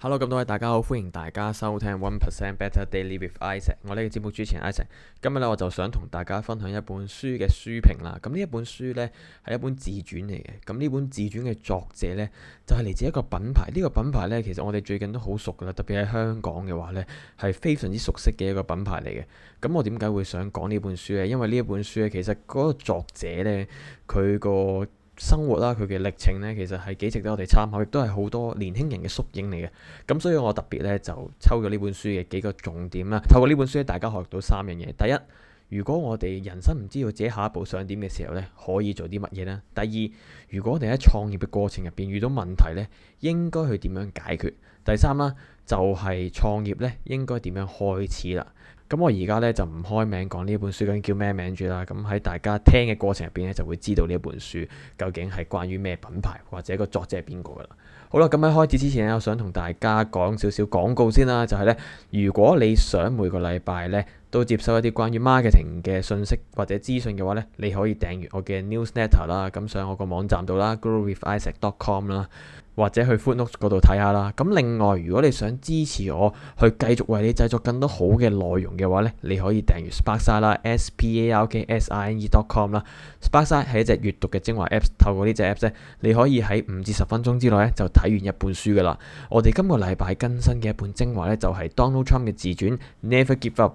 Hello，咁多位大家好，歡迎大家收聽 One Percent Better Daily with Isaac。我呢個節目主持人 Isaac，今日咧我就想同大家分享一本書嘅書評啦。咁呢一本書呢係一本自傳嚟嘅，咁呢本自傳嘅作者呢就係、是、嚟自一個品牌，呢、這個品牌呢其實我哋最近都好熟噶啦，特別喺香港嘅話呢係非常之熟悉嘅一個品牌嚟嘅。咁我點解會想講呢本書呢？因為呢一本書呢其實嗰個作者呢，佢個。生活啦，佢嘅歷程呢，其實係幾值得我哋參考，亦都係好多年輕人嘅縮影嚟嘅。咁所以我特別呢，就抽咗呢本書嘅幾個重點啦。透過呢本書，大家學到三樣嘢：第一，如果我哋人生唔知道自己下一步想點嘅時候呢，可以做啲乜嘢呢？第二，如果我哋喺創業嘅過程入邊遇到問題呢，應該去點樣解決；第三啦，就係創業呢，應該點樣開始啦。咁我而家咧就唔開名講呢本書究竟叫咩名住啦，咁喺大家聽嘅過程入邊咧就會知道呢一本書究竟係關於咩品牌或者個作者係邊個噶啦。好啦，咁喺開始之前咧，我想同大家講少少廣告先啦，就係咧，如果你想每個禮拜咧都接收一啲關於 marketing 嘅信息或者資訊嘅話咧，你可以訂閱我嘅 newsletter 啦，咁上我個網站度啦，growwithisaac.com 啦。或者去 Footnote 嗰度睇下啦。咁另外，如果你想支持我，去繼續為你製作更多好嘅內容嘅話咧，你可以訂閱 Sparksine 啦，S P A R K S I N E dot com 啦。Sparksine 係一隻閱讀嘅精華 Apps，透過呢隻 Apps 咧，你可以喺五至十分鐘之內咧就睇完一本書噶啦。我哋今個禮拜更新嘅一本精華咧，就係 Donald Trump 嘅自傳《Never Give Up》。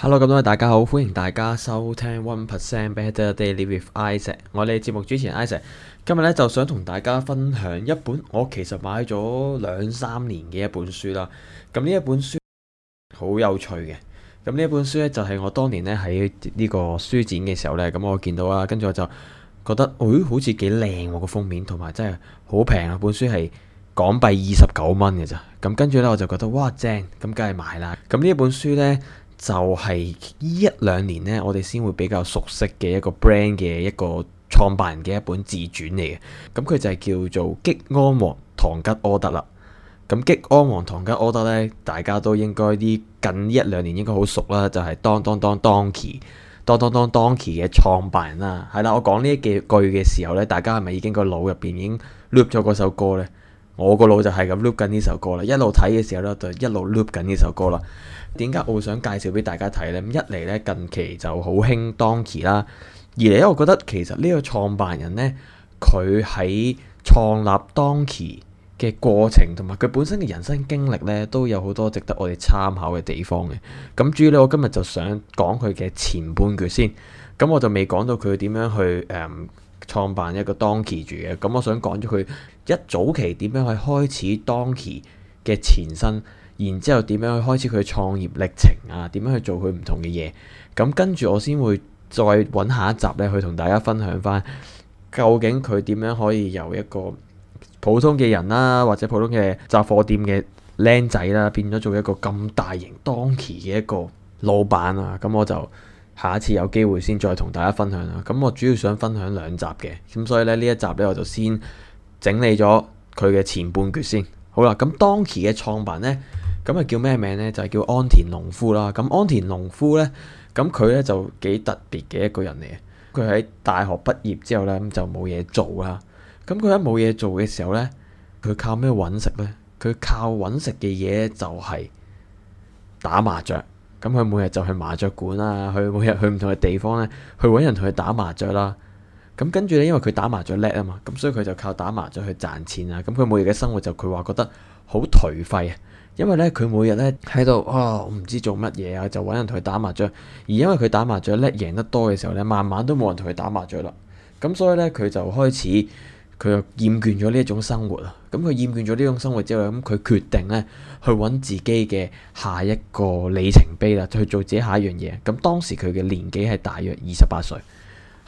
hello，咁多位大家好，歡迎大家收聽 One Percent Better Daily with Isaac。我哋節目主持人 Isaac 今日咧就想同大家分享一本我其實買咗兩三年嘅一本書啦。咁呢一本書好有趣嘅，咁呢一本書咧就係、是，我當年咧喺呢個書展嘅時候咧，咁我見到啊，跟住我就覺得，誒、哎，好似幾靚個封面，同埋真係好平啊！一本書係港幣二十九蚊嘅咋。咁跟住咧我就覺得哇正，咁梗係買啦。咁呢一本書咧。就係呢一兩年呢，我哋先會比較熟悉嘅一個 brand 嘅一個創辦人嘅一本自傳嚟嘅。咁佢就係叫做激安王唐吉柯德啦。咁激安王唐吉柯德呢，大家都應該啲近一兩年應該好熟啦，就係當當當 Donkey，當當當 Donkey 嘅創辦人啦。係啦，我講呢幾句嘅時候呢，大家係咪已經個腦入邊已經 loop 咗嗰首歌呢？我個腦就係咁 loop 緊呢首歌啦，一路睇嘅時候咧就一路 loop 緊呢首歌啦。點解我想介紹俾大家睇呢？一嚟呢，近期就好興 Donkey 啦，二嚟咧我覺得其實呢個創辦人呢，佢喺創立 Donkey 嘅過程同埋佢本身嘅人生經歷呢，都有好多值得我哋參考嘅地方嘅。咁至於呢，我今日就想講佢嘅前半句先，咁我就未講到佢點樣去誒、嗯、創辦一個 Donkey 住嘅。咁我想講咗佢。一早期點樣去開始當期嘅前身，然之後點樣去開始佢創業歷程啊？點樣去做佢唔同嘅嘢？咁跟住我先會再揾下一集咧，去同大家分享返究竟佢點樣可以由一個普通嘅人啦，或者普通嘅雜貨店嘅僆仔啦，變咗做一個咁大型當期嘅一個老闆啊？咁我就下一次有機會先再同大家分享啦。咁我主要想分享兩集嘅，咁所以呢，呢一集呢我就先。整理咗佢嘅前半決先，好啦，咁當期嘅創辦呢，咁啊叫咩名呢？就係叫安田農夫啦。咁安田農夫呢，咁佢呢就幾特別嘅一個人嚟。佢喺大學畢業之後呢，咁就冇嘢做啦。咁佢喺冇嘢做嘅時候呢，佢靠咩揾食呢？佢靠揾食嘅嘢就係打麻雀。咁佢每日就去麻雀館啊，佢每日去唔同嘅地方呢，去揾人同佢打麻雀啦。咁跟住咧，因為佢打麻雀叻啊嘛，咁所以佢就靠打麻雀去賺錢啊。咁佢每日嘅生活就佢話覺得好頹廢啊。因為咧，佢每日咧喺度啊，唔知做乜嘢啊，就揾人同佢打麻雀。而因為佢打麻雀叻，贏得多嘅時候咧，慢慢都冇人同佢打麻雀啦。咁所以咧，佢就開始佢又厭倦咗呢一種生活啊。咁佢厭倦咗呢種生活之後，咁佢決定咧去揾自己嘅下一個里程碑啦，去做自己下一樣嘢。咁當時佢嘅年紀係大約二十八歲，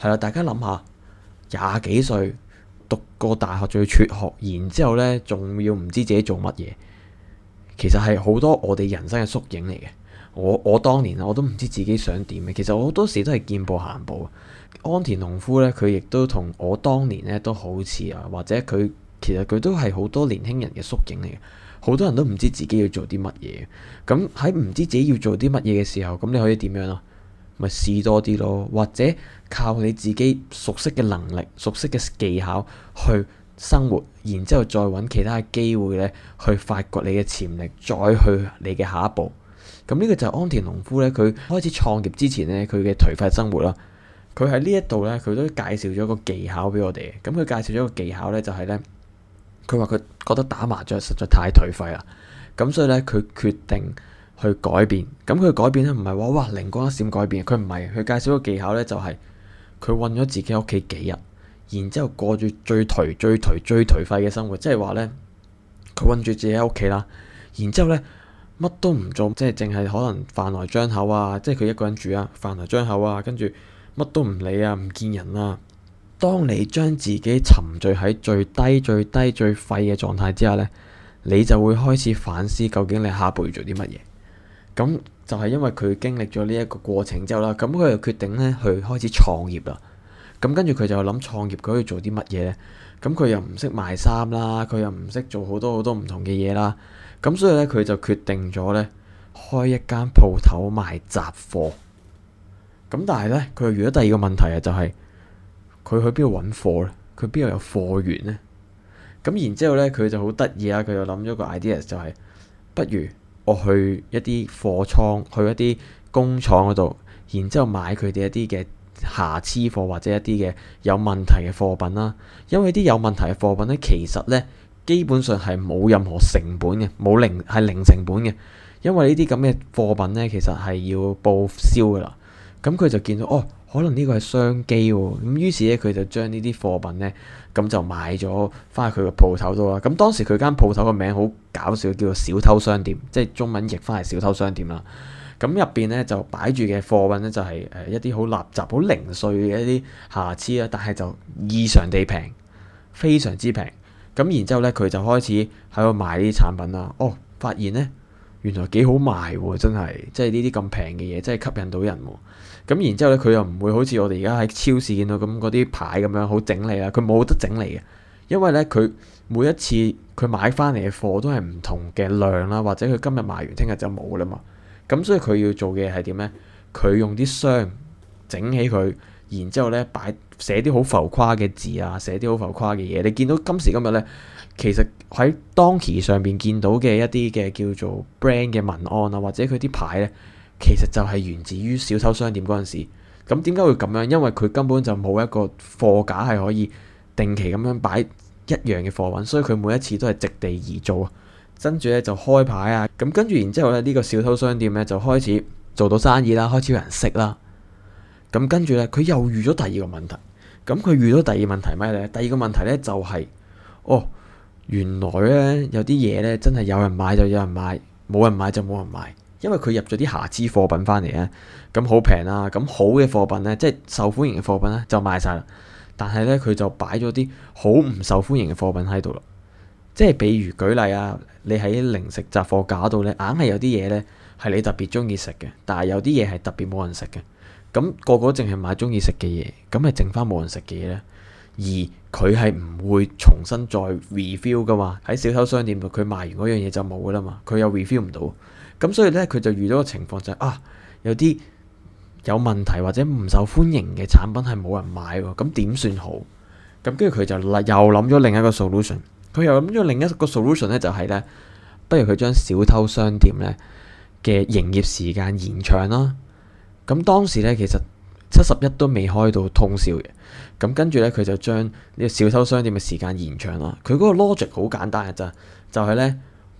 係啦，大家諗下。廿幾歲讀過大學，仲要輟學，然之後呢，仲要唔知自己做乜嘢，其實係好多我哋人生嘅縮影嚟嘅。我我當年我都唔知自己想點，其實我好多時都係見步行步。安田農夫呢，佢亦都同我當年呢都好似啊，或者佢其實佢都係好多年輕人嘅縮影嚟嘅。好多人都唔知自己要做啲乜嘢，咁喺唔知自己要做啲乜嘢嘅時候，咁你可以點樣啊？咪試多啲咯，或者靠你自己熟悉嘅能力、熟悉嘅技巧去生活，然之後再揾其他嘅機會咧，去發掘你嘅潛力，再去你嘅下一步。咁、這、呢個就係安田農夫呢，佢開始創業之前呢，佢嘅頹廢生活啦。佢喺呢一度呢，佢都介紹咗一個技巧俾我哋。咁佢介紹咗個技巧呢，就係、是、呢，佢話佢覺得打麻雀實在太頹廢啦，咁所以呢，佢決定。去改變。咁佢改變咧，唔係話哇靈光一閃改變。佢唔係佢介紹個技巧咧、就是，就係佢困咗自己喺屋企幾日，然之後過住最頹、最頹、最頹廢嘅生活，即係話咧，佢困住自己喺屋企啦，然之後咧乜都唔做，即係淨係可能飯來張口啊，即係佢一個人住啊，飯來張口啊，跟住乜都唔理啊，唔見人啊。當你將自己沉醉喺最低、最低、最廢嘅狀態之下咧，你就會開始反思究竟你下步要做啲乜嘢。咁就係因為佢經歷咗呢一個過程之後啦，咁佢就決定咧去開始創業啦。咁跟住佢就諗創業，佢可以做啲乜嘢咧？咁佢又唔識賣衫啦，佢又唔識做好多好多唔同嘅嘢啦。咁所以咧，佢就決定咗咧開一間鋪頭賣雜貨。咁但係咧，佢又遇到第二個問題啊、就係，就係佢去邊度揾貨咧？佢邊度有貨源咧？咁然之後咧，佢就好得意啊！佢就諗咗個 ideas，就係、係、不如。去一啲貨倉，去一啲工廠嗰度，然之後買佢哋一啲嘅瑕疵貨或者一啲嘅有問題嘅貨品啦。因為啲有問題嘅貨品咧，其實咧基本上係冇任何成本嘅，冇零係零成本嘅。因為呢啲咁嘅貨品咧，其實係要報銷㗎喇。咁佢就見到哦。可能呢個係商機喎，咁於是咧佢就將呢啲貨品咧，咁就買咗翻去佢個鋪頭度啦。咁當時佢間鋪頭嘅名好搞笑，叫做小偷商店，即係中文譯翻係小偷商店啦。咁入邊咧就擺住嘅貨品咧就係誒一啲好垃圾、好零碎嘅一啲瑕疵啦，但係就異常地平，非常之平。咁然之後咧佢就開始喺度買啲產品啦。哦，發現咧～原來幾好賣喎，真係，即係呢啲咁平嘅嘢，真係吸引到人喎、啊。咁然之後咧，佢又唔會好似我哋而家喺超市見到咁嗰啲牌咁樣好整理啦。佢冇得整理嘅，因為咧佢每一次佢買翻嚟嘅貨都係唔同嘅量啦，或者佢今日賣完，聽日就冇啦嘛。咁所以佢要做嘅係點咧？佢用啲箱整起佢，然之後咧擺。寫啲好浮誇嘅字啊，寫啲好浮誇嘅嘢。你見到今時今日呢，其實喺當期上邊見到嘅一啲嘅叫做 brand 嘅文案啊，或者佢啲牌呢，其實就係源自於小偷商店嗰陣時。咁點解會咁樣？因為佢根本就冇一個貨架係可以定期咁樣擺一樣嘅貨品，所以佢每一次都係席地而做啊。跟住呢就開牌啊，咁跟住然之後咧呢、呢個小偷商店呢，就開始做到生意啦，開始有人識啦。咁跟住呢，佢又遇咗第二個問題。咁佢遇到第二問題咩咧？第二個問題咧就係、是，哦，原來咧有啲嘢咧真係有人買就有人買，冇人買就冇人買，因為佢入咗啲瑕疵貨品翻嚟啊！咁好平啦，咁好嘅貨品咧，即係受歡迎嘅貨品咧，就賣晒啦。但係咧佢就擺咗啲好唔受歡迎嘅貨品喺度咯，即係比如舉例啊，你喺零食雜貨架度咧，硬係有啲嘢咧係你特別中意食嘅，但係有啲嘢係特別冇人食嘅。咁個個淨係買中意食嘅嘢，咁咪剩翻冇人食嘅嘢咧？而佢係唔會重新再 refill 噶嘛？喺小偷商店度，佢賣完嗰樣嘢就冇噶啦嘛，佢又 refill 唔到。咁所以咧，佢就遇到個情況就係啊，有啲有問題或者唔受歡迎嘅產品係冇人買，咁點算好？咁跟住佢就又諗咗另一個 solution，佢又諗咗另一個 solution 咧，就係咧，不如佢將小偷商店咧嘅營業時間延長啦。咁當時咧，其實七十一都未開到通宵嘅。咁跟住咧，佢就將呢個小偷商店嘅時間延長啦。佢嗰個 logic 好簡單嘅，咋就係、是、咧，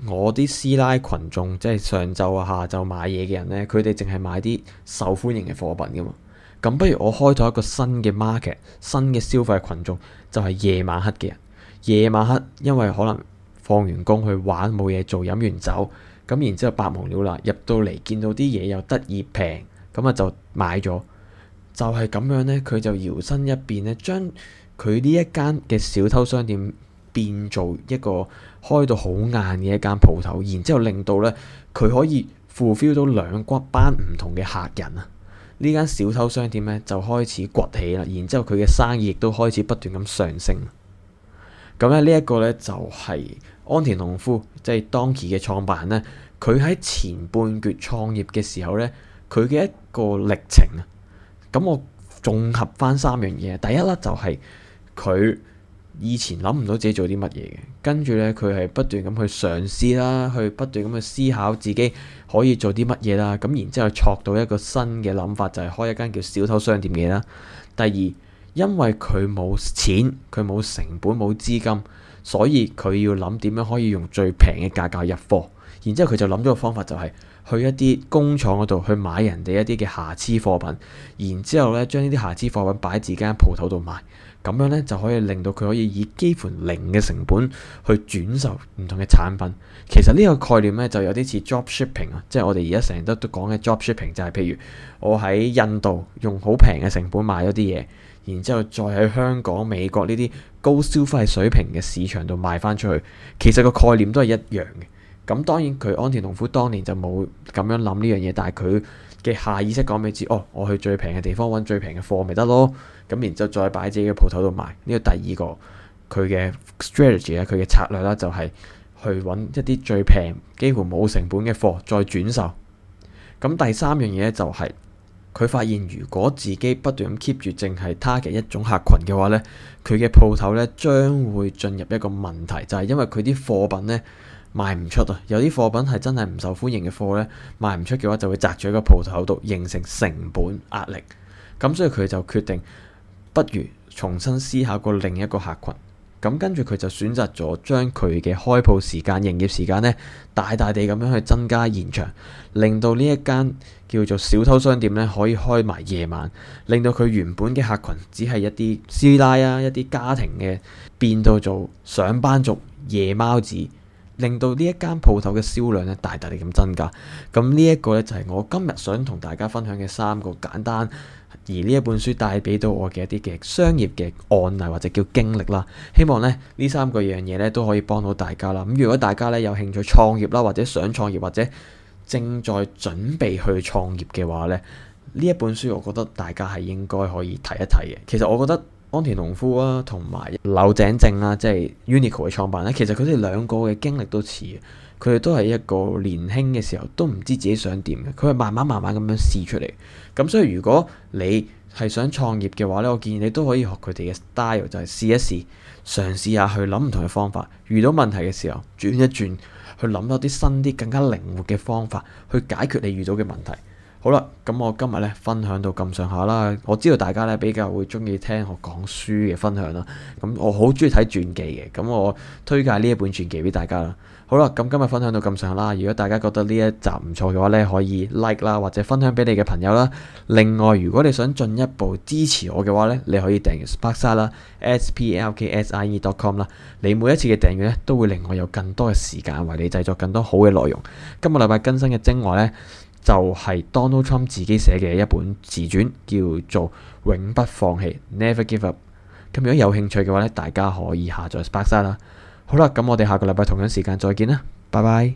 我啲師奶群眾即係上晝啊下、下晝買嘢嘅人咧，佢哋淨係買啲受歡迎嘅貨品噶嘛。咁不如我開咗一個新嘅 market，新嘅消費群眾就係、是、夜晚黑嘅人。夜晚黑，因為可能放完工去玩冇嘢做，飲完酒咁，然之後百無聊了啦，入到嚟見到啲嘢又得意平。咁啊，就買、是、咗，就係咁樣咧。佢就搖身一變咧，將佢呢一間嘅小偷商店變做一個開到好晏嘅一間鋪頭，然之後令到咧佢可以 fulfill 到兩骨班唔同嘅客人啊！呢間小偷商店咧就開始崛起啦，然之後佢嘅生意亦都開始不斷咁上升。咁咧呢一、這個咧就係、是、安田農夫即係、就是、當期嘅創辦人咧，佢喺前半段創業嘅時候咧。佢嘅一個歷程啊，咁我綜合翻三樣嘢，第一啦就係佢以前諗唔到自己做啲乜嘢嘅，跟住呢，佢係不斷咁去嘗試啦，去不斷咁去思考自己可以做啲乜嘢啦，咁然之後錯到一個新嘅諗法，就係、是、開一間叫小偷商店嘅嘢啦。第二，因為佢冇錢，佢冇成本冇資金，所以佢要諗點樣可以用最平嘅價格入貨。然之後佢就諗咗個方法，就係去一啲工廠嗰度去買人哋一啲嘅瑕疵貨品，然之後咧將呢啲瑕疵貨品擺喺自己間鋪頭度賣，咁樣咧就可以令到佢可以以幾乎零嘅成本去轉售唔同嘅產品。其實呢個概念咧就有啲似 dropshipping 啊，即係我哋而家成日都都講嘅 dropshipping，就係譬如我喺印度用好平嘅成本買咗啲嘢，然之後再喺香港、美國呢啲高消費水平嘅市場度賣翻出去，其實個概念都係一樣嘅。咁當然佢安田農夫當年就冇咁樣諗呢樣嘢，但係佢嘅下意識講俾你知，哦，我去最平嘅地方揾最平嘅貨咪得咯。咁然之後再擺自己嘅鋪頭度賣。呢個第二個，佢嘅 strategy 咧，佢嘅策略啦，就係去揾一啲最平、幾乎冇成本嘅貨再轉售。咁、嗯、第三樣嘢就係、是、佢發現，如果自己不斷咁 keep 住，淨係他嘅一種客群嘅話呢，佢嘅鋪頭呢將會進入一個問題，就係、是、因為佢啲貨品呢。賣唔出啊！有啲貨品係真係唔受歡迎嘅貨呢，賣唔出嘅話就會砸咗喺個鋪頭度，形成成本壓力。咁所以佢就決定，不如重新思考過另一個客群。咁跟住佢就選擇咗將佢嘅開鋪時間、營業時間呢大大地咁樣去增加延長，令到呢一間叫做小偷商店呢可以開埋夜晚，令到佢原本嘅客群只係一啲師奶啊，一啲家庭嘅，變到做上班族、夜貓子。令到呢一間鋪頭嘅銷量咧大大地咁增加，咁呢一個咧就係我今日想同大家分享嘅三個簡單而呢一本書帶俾到我嘅一啲嘅商業嘅案例或者叫經歷啦。希望咧呢三個樣嘢咧都可以幫到大家啦。咁如果大家咧有興趣創業啦，或者想創業或者正在準備去創業嘅話咧，呢一本書我覺得大家係應該可以睇一睇嘅。其實我覺得。安田農夫啊，同埋柳井正啦、啊，即係 Uniqlo 嘅創辦咧、啊，其實佢哋兩個嘅經歷都似嘅，佢哋都係一個年輕嘅時候都唔知自己想點嘅，佢係慢慢慢慢咁樣試出嚟。咁所以如果你係想創業嘅話咧，我建議你都可以學佢哋嘅 style，就係試一試，嘗試下去諗唔同嘅方法。遇到問題嘅時候轉一轉，去諗多啲新啲、更加靈活嘅方法去解決你遇到嘅問題。好啦，咁我今日咧分享到咁上下啦。我知道大家咧比較會中意聽我講書嘅分享啦。咁我好中意睇傳記嘅，咁我推介呢一本傳記俾大家啦。好啦，咁今日分享到咁上下啦。如果大家覺得呢一集唔錯嘅話咧，可以 like 啦，或者分享俾你嘅朋友啦。另外，如果你想進一步支持我嘅話咧，你可以訂閱 Sparksine 啦，sparksine.com 啦。你每一次嘅訂閱咧，都會令我有更多嘅時間為你製作更多好嘅內容。今個禮拜更新嘅精華咧。就係 Donald Trump 自己寫嘅一本自傳，叫做《永不放棄》（Never Give Up）。咁如果有興趣嘅話咧，大家可以下載《Spark》啦。好啦，咁我哋下個禮拜同樣時間再見啦，拜拜。